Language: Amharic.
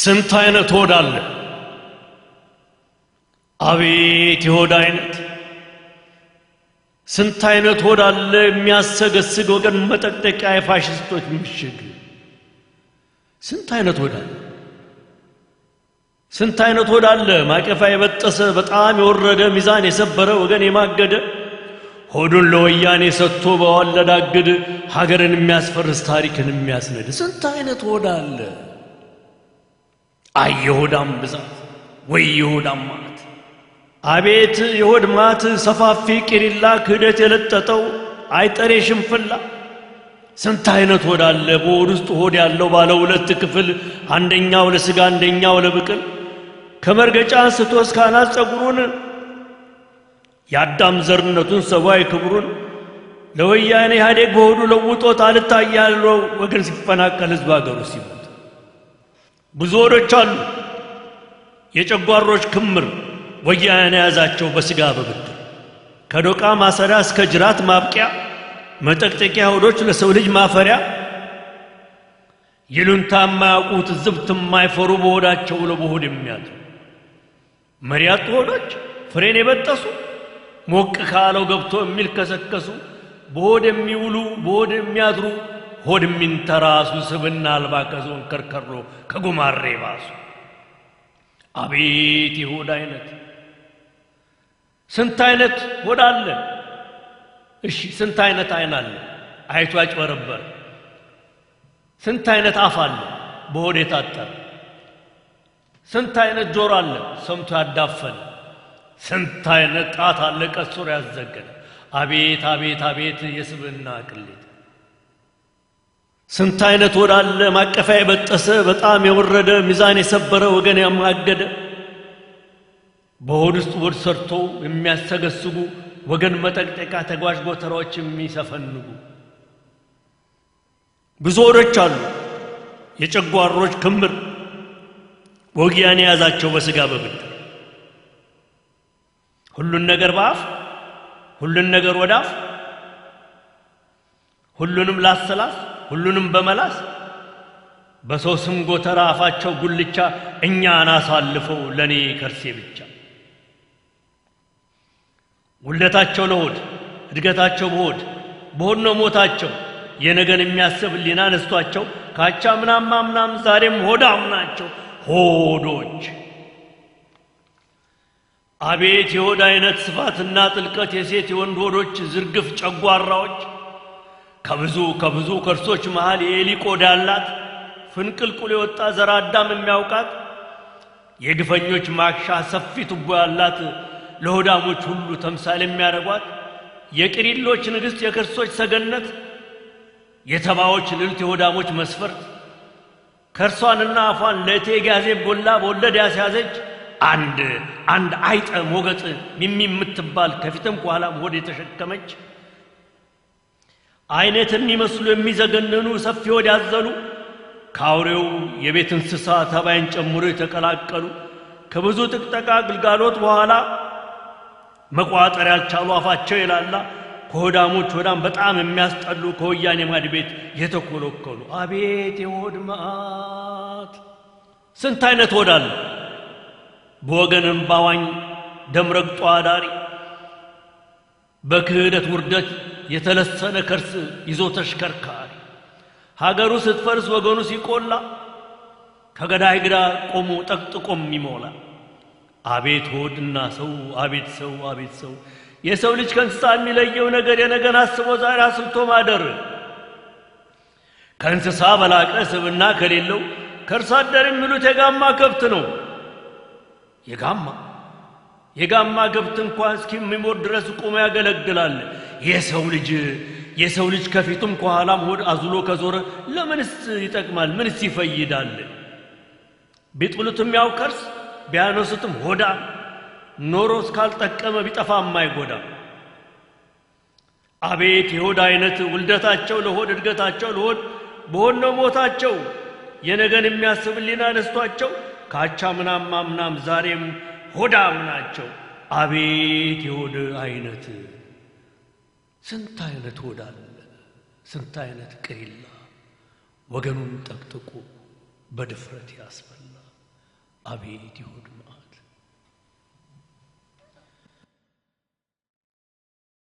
ስንት አይነት ሆድ አለ? አቤት የሆድ አይነት! ስንት አይነት ሆድ አለ! የሚያሰገስግ ወገን መጠቅጠቂያ የፋሽስቶች ምሽግ። ስንት አይነት ሆድ አለ! ስንት አይነት ሆድ አለ! ማቀፋ የበጠሰ በጣም የወረደ ሚዛን የሰበረ ወገን የማገደ ሆዱን ለወያኔ ሰጥቶ በዋለዳግድ ሀገርን የሚያስፈርስ ታሪክን የሚያስነድ ስንት አይነት ሆድ አለ! አይ የሆዳም ብዛት ወይ የሆዳም ማት! አቤት የሆድ ማት ሰፋፊ ቂሪላ ክህደት የለጠጠው አይጠሬ ሽንፍላ ስንት አይነት ሆድ አለ በሆድ ውስጥ ሆድ ያለው ባለ ሁለት ክፍል አንደኛው ለስጋ አንደኛው ለብቅል ከመርገጫ አንስቶ እስከ አናት ጸጉሩን የአዳም ዘርነቱን ሰብአዊ ክብሩን ለወያኔ ኢህአዴግ በሆዱ ለውጦት አልታያለው ወገን ሲፈናቀል ህዝብ አገሩ ሲሆን ብዙ አሉ። የጨጓሮች ክምር ወያኔ ያዛቸው በስጋ በብድር ከዶቃ ማሰሪያ እስከ ጅራት ማብቂያ መጠቅጠቂያ ሆዶች ለሰው ልጅ ማፈሪያ ይሉንታ የማያውቁት ዝብት የማይፈሩ በሆዳቸው ለበሆድ የሚያጡ መሪያጡ ሆዶች ፍሬን የበጠሱ ሞቅ ካለው ገብቶ የሚልከሰከሱ በሆድ የሚውሉ በሆድ የሚያድሩ ሆድ የሚንተራሱ ስብና አልባ ከዞን ከርከሮ ከጉማሬ ባሱ አቤት የሆድ አይነት ስንት አይነት ሆድ አለ? እሺ ስንት አይነት አይን አለ? አይቶ ያጭበረበር። ስንት አይነት አፍ አለ? በሆድ የታጠረ። ስንት አይነት ጆሮ አለ? ሰምቶ ያዳፈነ። ስንት አይነት ጣት አለ? ቀሱር ያዘገነ። አቤት አቤት አቤት የስብና ቅሌት ስንት አይነት ወዳለ ማቀፊያ የበጠሰ በጣም የወረደ ሚዛን የሰበረ ወገን ያማገደ በሆድ ውስጥ ወድ ሰርቶ የሚያሰገስጉ ወገን መጠቅጠቃ ተጓዥ ጎተራዎች የሚሰፈንጉ ብዙ ወዶች አሉ። የጨጓሮች ክምር ወጊያን የያዛቸው በስጋ በብድ ሁሉን ነገር በአፍ ሁሉን ነገር ወዳፍ ሁሉንም ላሰላስ ሁሉንም በመላስ በሰው ስም ጎተራ አፋቸው ጉልቻ እኛን አሳልፈው ለእኔ ከርሴ ብቻ ጉልደታቸው ለሆድ እድገታቸው በሆድ በሆድ ነው ሞታቸው የነገን የሚያስብ ሊና ነስቷቸው ካቻ ምናም ዛሬም ሆዳም ናቸው ሆዶች። አቤት የሆድ አይነት ስፋትና ጥልቀት የሴት የወንድ ሆዶች ዝርግፍ ጨጓራዎች ከብዙ ከብዙ ከርሶች መሃል የኤሊ ቆዳ ያላት ፍንቅልቁል የወጣ ዘራዳም አዳም የሚያውቃት የግፈኞች ማክሻ ሰፊ ቱቦ ያላት ለሆዳሞች ሁሉ ተምሳሌ የሚያደርጓት የቅሪሎች ንግሥት የክርሶች ሰገነት የተባዎች ልልት የሆዳሞች መስፈርት ከእርሷንና አፏን ለእቴጌ ጋዜ ጎላ በወለድ ያስያዘች አንድ አንድ አይጠ ሞገጥ ሚሚ የምትባል ከፊትም ከኋላም ሆድ የተሸከመች አይነት የሚመስሉ የሚዘገነኑ ሰፊ ወድ ያዘሉ ከአውሬው የቤት እንስሳ ተባይን ጨምሮ የተቀላቀሉ ከብዙ ጥቅጠቃ ግልጋሎት በኋላ መቋጠር ያልቻሉ አፋቸው ይላላ ከሆዳሞች ሆዳም በጣም የሚያስጠሉ ከወያኔ ማድ ቤት የተኮለኮሉ አቤት የሆድ ማት ስንት አይነት ወዳለ በወገንም ባዋኝ ደምረግጦ አዳሪ በክህደት ውርደት የተለሰነ ከርስ ይዞ ተሽከርካሪ ሀገሩ ስትፈርስ ወገኑ ሲቆላ ከገዳይ ግዳ ቆሞ ጠቅጥቆም ይሞላ አቤት ሆድና ሰው አቤት ሰው አቤት ሰው የሰው ልጅ ከእንስሳ የሚለየው ነገር የነገን አስቦ ዛሬ አስብቶ ማደር ከእንስሳ በላቀ ስብና ከሌለው ከእርሷ አደር የሚሉት የጋማ ከብት ነው። የጋማ የጋማ ከብት እንኳ እስኪ የሚሞት ድረስ ቁሞ ያገለግላል። የሰው ልጅ የሰው ልጅ ከፊቱም ከኋላም ሆድ አዝሎ ከዞረ ለምንስ ይጠቅማል? ምንስ ይፈይዳል? ቢጥሉትም ያው ከርስ ቢያነሱትም ሆዳ ኖሮ እስካልጠቀመ ቢጠፋ ማይጎዳ አቤት የሆድ አይነት ውልደታቸው ለሆድ እድገታቸው ለሆድ በሆነ ሞታቸው የነገን የሚያስብ ሊና ነስቷቸው ካቻ ምናም ዛሬም ሆዳም ናቸው አቤት የሆድ አይነት ስንት አይነት ወዳለ ስንት አይነት ቅሪላ ወገኑን ጠቅጥቁ በድፍረት ያስበላ አቤት ይሁድ መዓት